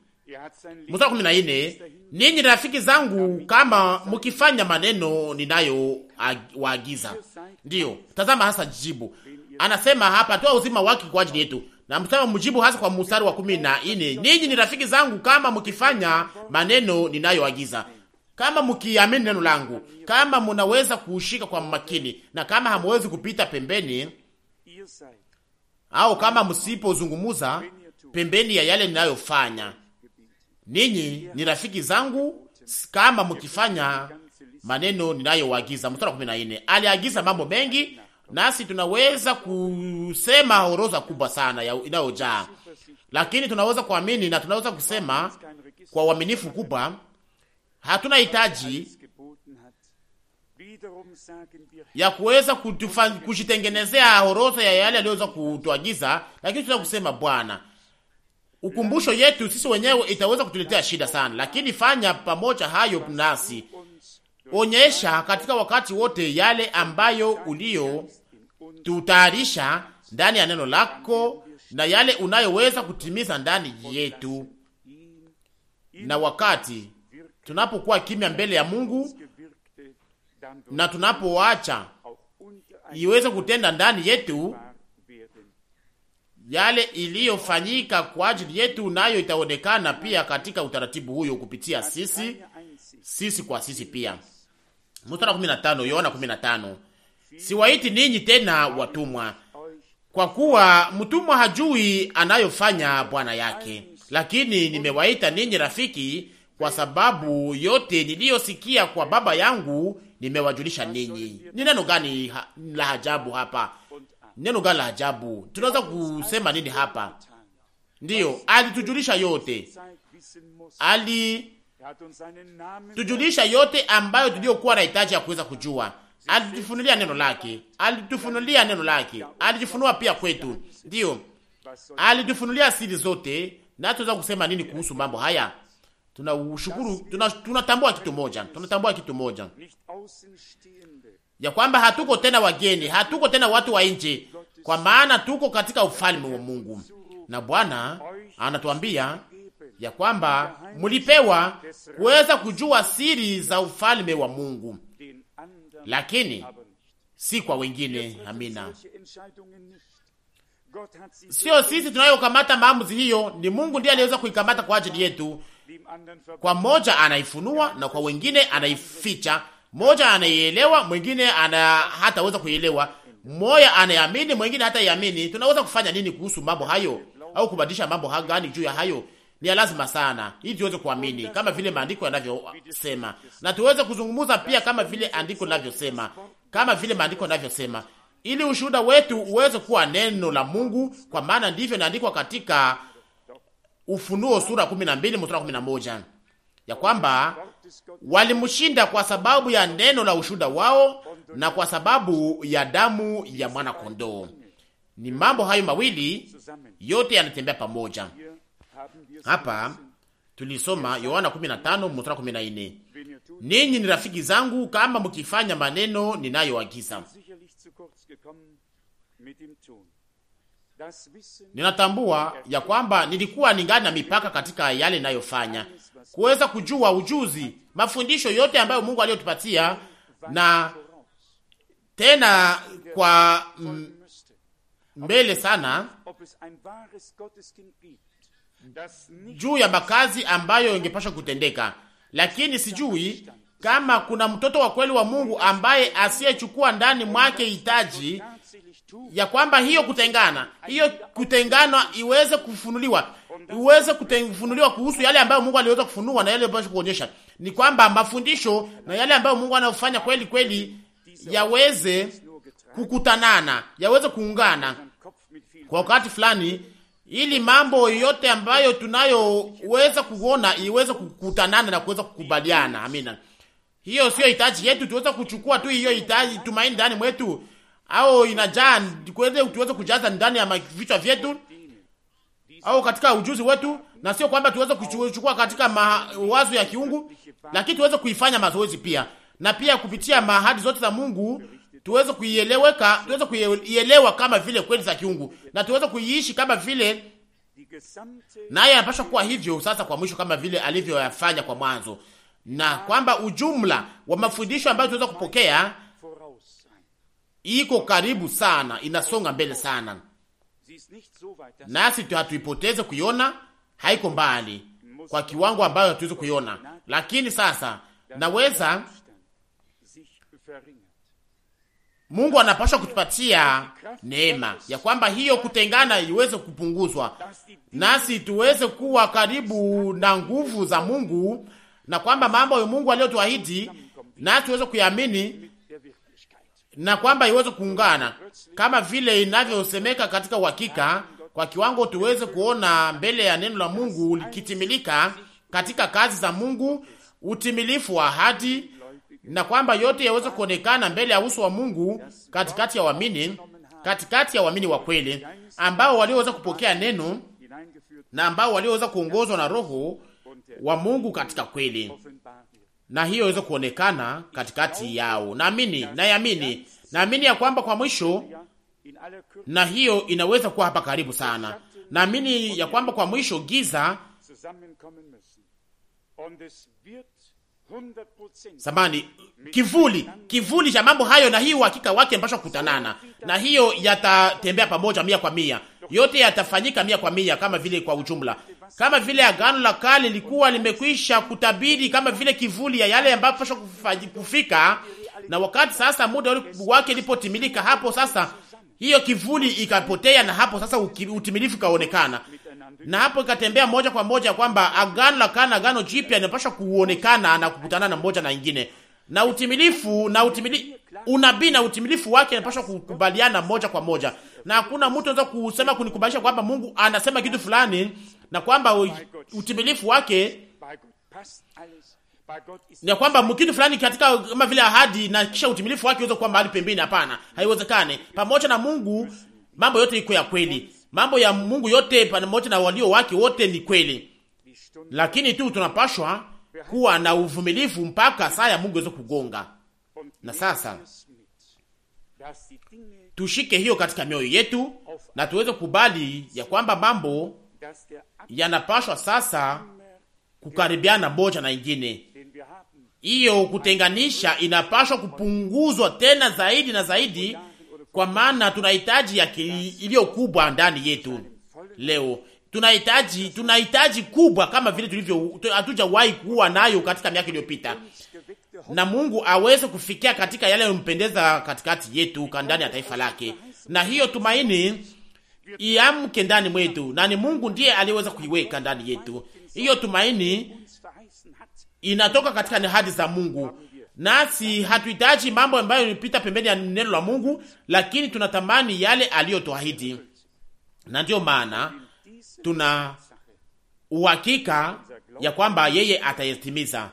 Mstari kumi na nne ninyi rafiki zangu kama mkifanya maneno ninayowaagiza. Ndiyo, tazama hasa jibu anasema hapa, toa uzima wake kwa ajili yetu na msema mjibu hasa kwa mstari wa kumi na nne ninyi ni rafiki zangu kama mkifanya maneno ninayoagiza kama mkiamini neno langu, kama mnaweza kuushika kwa makini, na kama hamwezi kupita pembeni au kama msipozungumuza pembeni ya yale ninayofanya, ninyi ni rafiki zangu kama mkifanya maneno ninayoagiza. Mstari kumi na nne aliagiza mambo mengi, nasi tunaweza kusema horoza kubwa sana inayojaa, lakini tunaweza kuamini na tunaweza kusema kwa uaminifu kubwa hatuna hitaji ya kuweza kujitengenezea orodha ya yale aliyoweza kutuagiza, lakini tunaweza kusema Bwana, ukumbusho yetu sisi wenyewe itaweza kutuletea shida sana, lakini fanya pamoja hayo nasi, onyesha katika wakati wote yale ambayo uliyo tutayarisha ndani ya neno lako na yale unayoweza kutimiza ndani yetu na wakati tunapokuwa kimya mbele ya Mungu na tunapoacha iweze kutenda ndani yetu yale iliyofanyika kwa ajili yetu, nayo itaonekana pia katika utaratibu huyo kupitia sisi sisi kwa sisi pia. Mstari 15, Yohana 15, siwaiti ninyi tena watumwa, kwa kuwa mtumwa hajui anayofanya bwana yake, lakini nimewaita ninyi rafiki, kwa sababu yote niliyosikia kwa Baba yangu nimewajulisha ninyi. Ni neno gani ha, la ajabu hapa? Neno gani la ajabu? Tunaweza kusema nini hapa? Ndiyo, alitujulisha yote, alitujulisha yote ambayo tuliyokuwa na hitaji ya kuweza kujua. Alitufunulia neno lake, alitufunulia neno lake, alijifunua pia kwetu. Ndiyo, alitufunulia siri zote, na tunaweza kusema nini kuhusu mambo haya? tunashukuru, tunatambua kitu moja, tunatambua kitu moja ya kwamba hatuko tena wageni, hatuko tena watu wa nje, kwa maana tuko katika ufalme wa Mungu, na Bwana anatuambia ya kwamba mulipewa kuweza kujua siri za ufalme wa Mungu, lakini si kwa wengine. Amina. Sio sisi tunayokamata maamuzi hiyo, ni Mungu ndiye aliweza kuikamata kwa ajili yetu, kwa mmoja anaifunua na kwa wengine anaificha. Mmoja anaielewa, mwingine ana hataweza kuielewa. Mmoja anaamini, mwingine hata yaamini. Tunaweza kufanya nini kuhusu mambo hayo, au kubadilisha mambo gani juu ya hayo? Ni lazima sana ili tuweze kuamini kama vile maandiko yanavyosema, na tuweze kuzungumza pia kama vile andiko linavyosema, kama vile maandiko yanavyosema, ili ushuhuda wetu uweze kuwa neno la Mungu, kwa maana ndivyo inaandikwa katika Ufunuo sura 12 mstari 11 ya kwamba walimshinda kwa sababu ya neno la ushuda wao na kwa sababu ya damu ya mwana kondoo. Ni mambo hayo mawili yote yanatembea pamoja. Hapa tulisoma Yohana 15 mstari 14, ninyi ni rafiki zangu kama mkifanya maneno ninayoagiza. Ninatambua ya kwamba nilikuwa ningali na mipaka katika yale inayofanya kuweza kujua ujuzi, mafundisho yote ambayo Mungu aliyotupatia na tena kwa mbele sana juu ya makazi ambayo ingepasha kutendeka, lakini sijui kama kuna mtoto wa kweli wa Mungu ambaye asiyechukua ndani mwake hitaji ya kwamba hiyo kutengana, hiyo kutengana iweze kufunuliwa, iweze kufunuliwa kuhusu yale ambayo Mungu aliweza kufunua na yale ambayo kuonyesha, ni kwamba mafundisho na yale ambayo Mungu anayofanya kweli kweli yaweze kukutanana, yaweze kuungana kwa wakati fulani, ili mambo yote ambayo tunayoweza kuona iweze kukutanana na kuweza kukubaliana. Amina. Hiyo sio hitaji yetu, tuweza kuchukua tu hiyo hitaji, tumaini ndani mwetu au inajaa tuweze kujaza ndani ya vichwa vyetu au katika ujuzi wetu, na sio kwamba tuweze kuchukua katika mawazo ya kiungu, lakini tuweze kuifanya mazoezi pia, na pia kupitia mahadi zote za Mungu tuweze kuieleweka, tuweze kuielewa kama vile kweli za kiungu, na tuweze kuiishi kama vile naye anapaswa kuwa hivyo sasa kwa mwisho, kama vile alivyoyafanya kwa mwanzo, na kwamba ujumla wa mafundisho ambayo tunaweza kupokea iko karibu sana, inasonga mbele sana, nasi hatuipoteze kuiona, haiko mbali kwa kiwango ambayo hatuwezi kuiona, lakini sasa naweza Mungu anapashwa kutupatia neema ya kwamba hiyo kutengana iweze kupunguzwa, nasi tuweze kuwa karibu na nguvu za Mungu, na kwamba mambo ya Mungu aliyotuahidi na tuweze kuyaamini na kwamba iweze kuungana kama vile inavyosemeka katika uhakika, kwa kiwango tuweze kuona mbele ya neno la Mungu likitimilika katika kazi za Mungu, utimilifu wa ahadi, na kwamba yote yaweze kuonekana mbele ya uso wa Mungu katikati ya waamini, katikati ya waamini wa kweli ambao walioweza kupokea neno na ambao walioweza kuongozwa na Roho wa Mungu katika kweli na hiyo iweze kuonekana katikati yao. Naamini, nayamini, naamini ya kwamba kwa mwisho, na hiyo inaweza kuwa hapa karibu sana. Naamini ya kwamba kwa mwisho giza samani kivuli kivuli cha mambo hayo na hii uhakika wake mpasha kukutanana na hiyo, yatatembea pamoja mia kwa mia, yote yatafanyika mia kwa mia, kama vile kwa ujumla kama vile agano la kale lilikuwa limekwisha kutabiri kama vile kivuli ya yale ambayo pasha kufika, na wakati sasa muda wake ulipotimilika, hapo sasa hiyo kivuli ikapotea, na hapo sasa utimilifu kaonekana, na hapo ikatembea moja kwa moja kwamba agano la kale na agano jipya inapasha kuonekana na kukutana na moja na nyingine, na utimilifu na utimili, unabii na utimilifu wake inapaswa kukubaliana moja kwa moja, na hakuna mtu anaweza kusema kunikubalisha kwamba Mungu anasema kitu fulani na kwamba utimilifu wake na kwamba mkini fulani katika kama vile ahadi na kisha utimilifu wake uweze kuwa mahali pembeni. Hapana, haiwezekane. Pamoja na Mungu mambo yote iko ya kweli, mambo ya Mungu yote pamoja na walio wake wote ni kweli, lakini tu tunapashwa kuwa na uvumilivu mpaka saa ya Mungu iweze kugonga. Na sasa tushike hiyo katika mioyo yetu na tuweze kubali ya kwamba mambo yanapashwa sasa kukaribiana moja na ingine. Hiyo kutenganisha inapashwa kupunguzwa tena zaidi na zaidi, kwa maana tunahitaji akili iliyo kubwa ndani yetu leo. Tunahitaji tunahitaji kubwa kama vile tulivyo, hatujawahi kuwa nayo katika miaka iliyopita, na Mungu aweze kufikia katika yale yanayompendeza katikati yetu ndani ya taifa lake, na hiyo tumaini iamke ndani mwetu, na ni Mungu ndiye aliweza kuiweka ndani yetu. Hiyo tumaini inatoka katika ahadi za Mungu, nasi hatuhitaji mambo ambayo yanapita pembeni ya neno la Mungu, lakini tunatamani yale aliyotuahidi, na ndiyo maana tuna uhakika ya kwamba yeye atayetimiza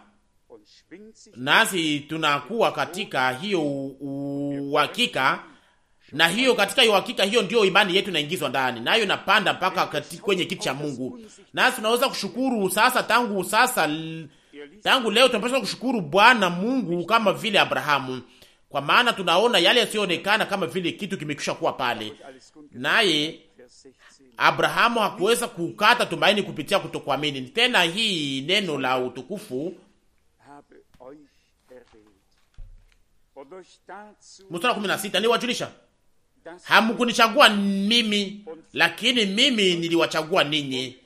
nasi tunakuwa katika hiyo uhakika na hiyo katika hiyo hakika, hiyo ndiyo imani yetu inaingizwa ndani, nayo inapanda mpaka kwenye kiti cha Mungu, nasi tunaweza kushukuru sasa. Tangu sasa, tangu leo tunapaswa kushukuru Bwana Mungu kama vile Abrahamu, kwa maana tunaona yale yasiyoonekana kama vile kitu kimekwisha kuwa pale. Naye Abrahamu hakuweza kukata tumaini kupitia kutokuamini. Tena hii neno la utukufu mstari kumi na sita niwajulisha Hamkunichagua mimi, lakini mimi niliwachagua ninyi,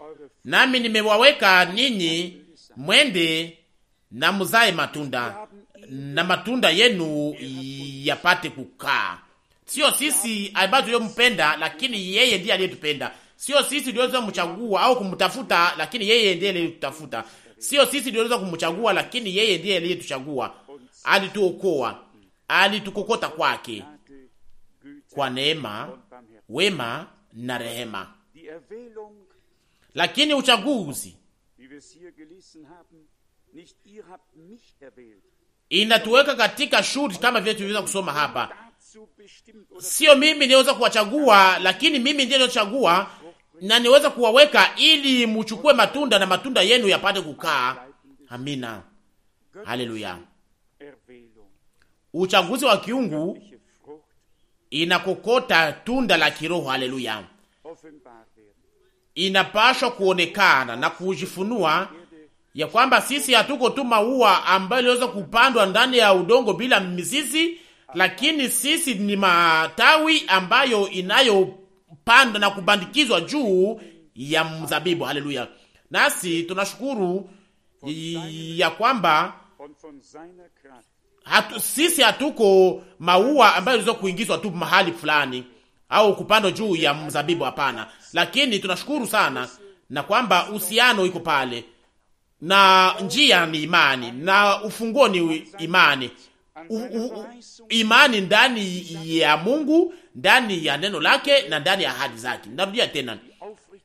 nami nimewaweka ninyi mwende na mzae matunda na matunda yenu yapate kukaa. Sio sisi ambayo tuliyompenda, lakini yeye ndiye aliyetupenda. Sio sisi tuliweza kumchagua au kumtafuta, lakini yeye ndiye aliyetutafuta. Sio sisi tuliweza kumchagua, lakini yeye ndiye aliyetuchagua. Alituokoa, alitukokota kwake, kwa neema, wema na rehema. Lakini uchaguzi inatuweka katika shuti kama vile tuliweza kusoma hapa. Sio mimi niweza kuwachagua, lakini mimi ndiye niochagua na niweza kuwaweka ili muchukue matunda na matunda yenu yapate kukaa. Amina, haleluya. Uchaguzi wa kiungu inakokota tunda la kiroho. Haleluya! inapashwa kuonekana na kujifunua ya kwamba sisi hatuko tu maua ambayo iliweza kupandwa ndani ya udongo bila mizizi, lakini sisi ni matawi ambayo inayopanda na kubandikizwa juu ya mzabibu. Haleluya! nasi tunashukuru ya kwamba hatu, sisi hatuko maua ambayo iliweza kuingizwa tu mahali fulani au kupandwa juu ya mzabibu, hapana. Lakini tunashukuru sana na kwamba uhusiano iko pale, na njia ni imani na ufunguo ni imani. U, u, u, imani ndani ya Mungu, ndani ya neno lake na ndani ya ahadi zake. Narudia tena,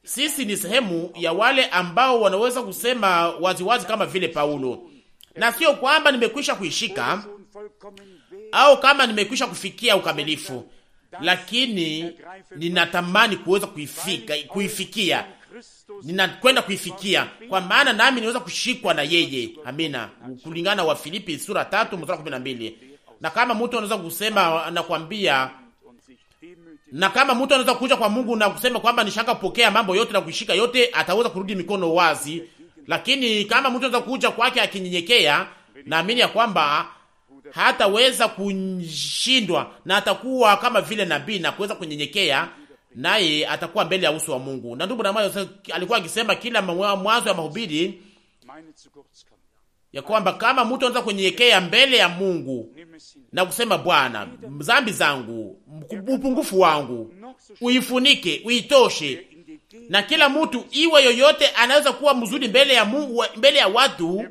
sisi ni sehemu ya wale ambao wanaweza kusema waziwazi wazi kama vile Paulo na sio kwamba nimekwisha kuishika au kama nimekwisha kufikia ukamilifu, lakini ninatamani kuweza kuifika, kuifikia ninakwenda kuifikia kwa maana nami niweza kushikwa na yeye. Amina, kulingana wa filipi sura tatu mstari kumi na mbili. Na kama mtu anaweza kusema anakwambia, na kama mtu anaweza kuja kwa Mungu na kusema kwamba nishaka kupokea mambo yote na kuishika yote, ataweza kurudi mikono wazi lakini kama mtu anaweza kuja kwake akinyenyekea, naamini ya kwamba hataweza kushindwa na atakuwa kama vile nabii na kuweza kunyenyekea, naye atakuwa mbele ya uso wa Mungu. Na ndugu Branham alikuwa akisema kila mwanzo ya mahubiri ya kwamba kama mtu anaweza kunyenyekea mbele ya Mungu na kusema Bwana, dhambi zangu, upungufu wangu uifunike, uitoshe, na kila mtu iwe yoyote anaweza kuwa mzuri mbele ya Mungu, mbele ya watu.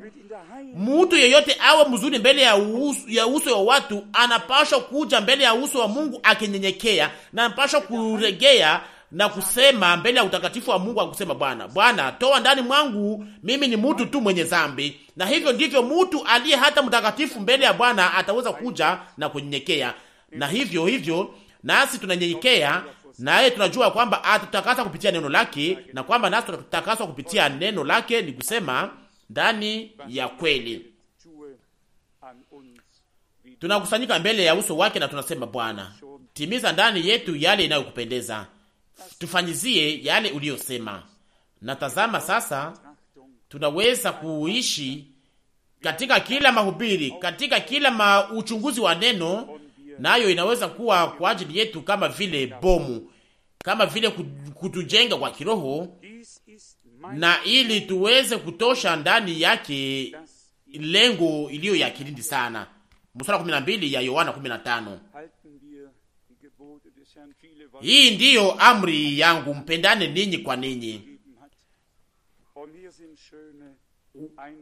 Mtu yoyote awe mzuri mbele ya uso, ya uso wa watu anapashwa kuja mbele ya uso wa Mungu akinyenyekea, na anapasha kuregea na kusema mbele ya utakatifu wa Mungu akusema, Bwana, Bwana, toa ndani mwangu, mimi ni mtu tu mwenye dhambi. Na hivyo ndivyo mtu aliye hata mtakatifu mbele ya Bwana ataweza kuja na kunyenyekea, na hivyo hivyo nasi tunanyenyekea naye tunajua kwamba atatakasa kupitia neno lake, na kwamba nasi tutakaswa kupitia neno lake, ni kusema ndani ya kweli tunakusanyika mbele ya uso wake na tunasema, Bwana, timiza ndani yetu yale inayokupendeza, tufanyizie yale uliyosema. Na tazama sasa, tunaweza kuishi katika kila mahubiri, katika kila ma uchunguzi wa neno nayo inaweza kuwa kwa ajili yetu kama vile bomu, kama vile kutujenga kwa kiroho, na ili tuweze kutosha ndani yake lengo iliyo ya kilindi sana. Mstari 12 ya Yohana 15. Hii ndiyo amri yangu, mpendane ninyi kwa ninyi.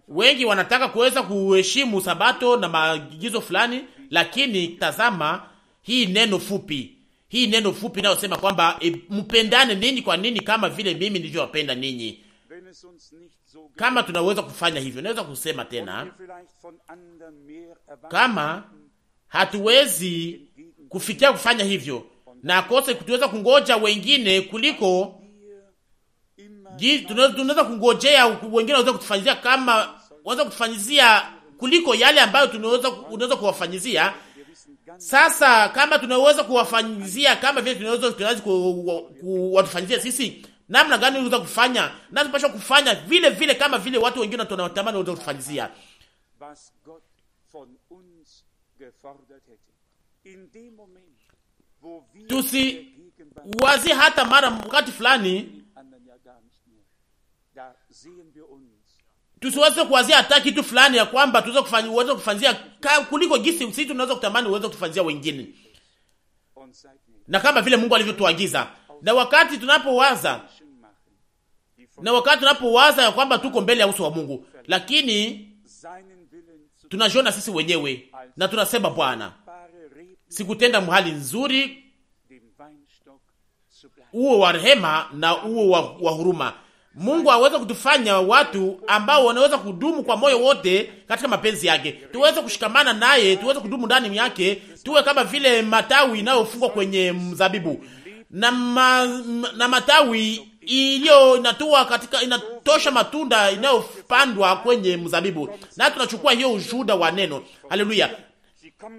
Wengi wanataka kuweza kuheshimu sabato na maagizo fulani, lakini tazama hii neno fupi, hii neno fupi inayosema kwamba e, mpendane ninyi kwa nini kama vile mimi nilivyowapenda ninyi. Kama tunaweza kufanya hivyo, naweza kusema tena, kama hatuwezi kufikia kufanya hivyo na kose tunaweza kungoja wengine kuliko tunaweza kungojea wengine waweze kutufanyizia kama waweze kutufanyizia kuliko yale ambayo tunaweza unaweza kuwafanyizia. Sasa kama tunaweza kuwafanyizia kama vile tunaweza tunaweza kuwatufanyizia sisi, namna gani unaweza kufanya na tunapaswa kufanya vile vile kama vile watu wengine tunatamani waweze kutufanyizia tusiwazi hata mara wakati fulani tusiweze kuwazia hata kitu fulani ya kwamba tuweze kufanya uweze kufanzia kuliko jinsi sisi tunaweza kutamani uweze kufanzia wengine, na kama vile Mungu alivyotuagiza. Na wakati tunapowaza na wakati tunapowaza ya kwamba tuko mbele ya uso wa Mungu, lakini tunajiona sisi wenyewe na tunasema, Bwana, sikutenda mhali nzuri uo wa rehema na uo wa, wa huruma Mungu aweze kutufanya watu ambao wanaweza kudumu kwa moyo wote katika mapenzi yake, tuweze kushikamana naye, tuweze kudumu ndani yake, tuwe kama vile matawi inayofungwa kwenye mzabibu na, ma, na matawi iliyo inatoa katika inatosha matunda inayopandwa kwenye mzabibu, na tunachukua hiyo ushuhuda wa neno. Haleluya!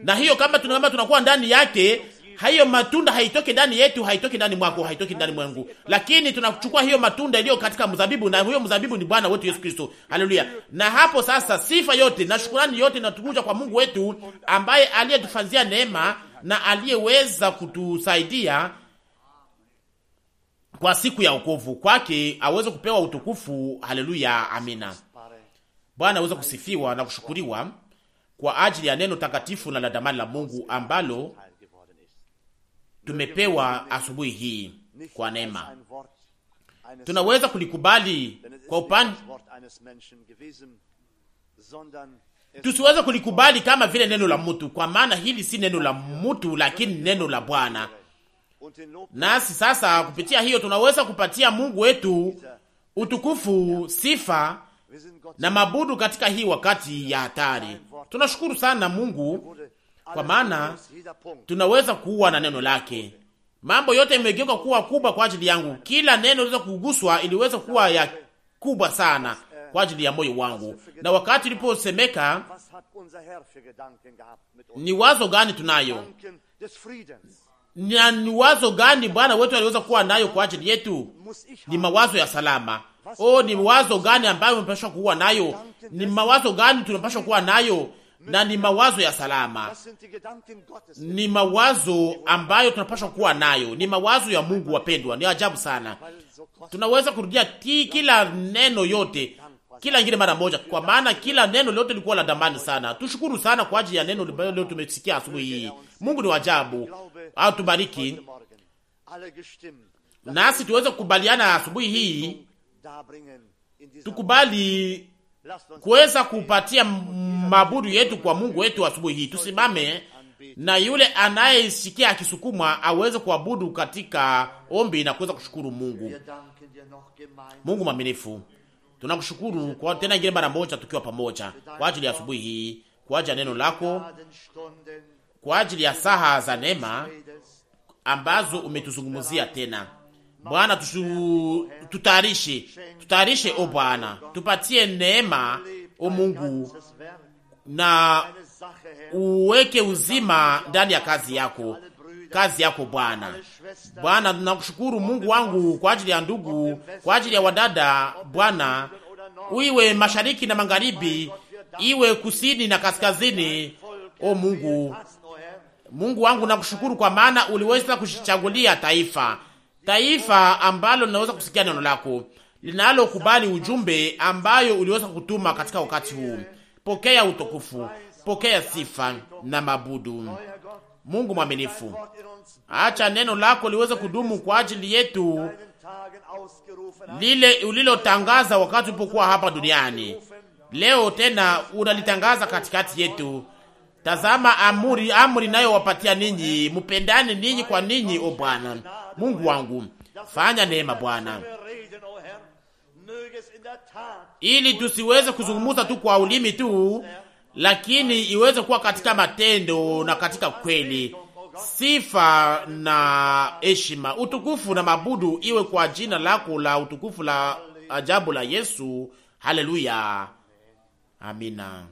Na hiyo kama tunakuwa ndani yake Hayo matunda haitoki ndani yetu, haitoki ndani mwako, haitoki ndani mwangu, lakini tunachukua hiyo matunda iliyo katika mzabibu, na huyo mzabibu ni Bwana wetu Yesu Kristo. Haleluya! Na hapo sasa, sifa yote na shukrani yote natukuja kwa Mungu wetu ambaye aliyetufanzia neema na aliyeweza kutusaidia kwa siku ya wokovu. Kwake aweze kupewa utukufu. Haleluya, amina. Bwana aweze kusifiwa na kushukuriwa kwa ajili ya neno takatifu na la damani la Mungu ambalo tumepewa asubuhi hii kwa neema, tunaweza kulikubali kwa upande, tusiweze kulikubali kama vile neno la mtu, kwa maana hili si neno la mtu, lakini neno la Bwana. Nasi sasa kupitia hiyo tunaweza kupatia Mungu wetu utukufu, sifa na mabudu katika hii wakati ya hatari. Tunashukuru sana Mungu kwa maana tunaweza kuwa na neno lake. Mambo yote yamegeuka kuwa kubwa kwa ajili yangu. Kila neno liweza kuguswa, iliweza kuwa ya kubwa sana kwa ajili ya moyo wangu. Na wakati iliposemeka, ni wazo gani tunayo na ni wazo gani Bwana wetu aliweza kuwa nayo kwa ajili yetu? Ni mawazo ya salama. O, oh, ni wazo gani ambayo tunapashwa kuwa nayo? Ni mawazo gani tunapashwa kuwa nayo? na ni mawazo ya salama, ni mawazo ambayo tunapaswa kuwa nayo, ni mawazo ya Mungu. Wapendwa, ni ajabu sana, tunaweza kurudia kila neno yote, kila ngine mara moja, kwa maana kila neno lote lilikuwa la damani sana. Tushukuru sana kwa ajili ya neno leo tumesikia asubuhi hii. Mungu ni ajabu, au tubariki nasi tuweze kukubaliana asubuhi hii tukubali kuweza kupatia mabudu yetu kwa Mungu wetu asubuhi hii. Tusimame na yule anayesikia akisukumwa aweze kuabudu katika ombi na kuweza kushukuru Mungu. Mungu mwaminifu, tunakushukuru kwa tena ingine mara moja, tukiwa pamoja kwa ajili ya asubuhi hii, kwa ajili ya neno lako, kwa ajili ya saha za neema ambazo umetuzungumzia tena Bwana, tutarishe tutarishe, o Bwana, tupatie neema, o Mungu, na uweke uzima ndani ya kazi yako, kazi yako Bwana. Bwana, tunakushukuru Mungu wangu kwa ajili ya ndugu, kwa ajili ya wadada Bwana, uiwe mashariki na magharibi, iwe kusini na kaskazini. O Mungu, Mungu wangu nakushukuru kwa maana uliweza kushichagulia taifa taifa ambalo linaweza kusikia neno lako, linalokubali ujumbe ambayo uliweza kutuma katika wakati huu. Pokea utukufu, pokea sifa na mabudu. Mungu mwaminifu, acha neno lako liweze kudumu kwa ajili yetu, lile ulilotangaza wakati ulipokuwa hapa duniani, leo tena unalitangaza katikati yetu. Tazama amuri, amri nayo wapatia ninyi, mupendane ninyi kwa ninyi, o Bwana. Mungu wangu, fanya neema Bwana, ili tusiweze kuzungumza tu kwa ulimi tu, lakini iweze kuwa katika matendo na katika kweli. Sifa na heshima, utukufu na mabudu iwe kwa jina lako la utukufu la ajabu la Yesu. Haleluya, amina.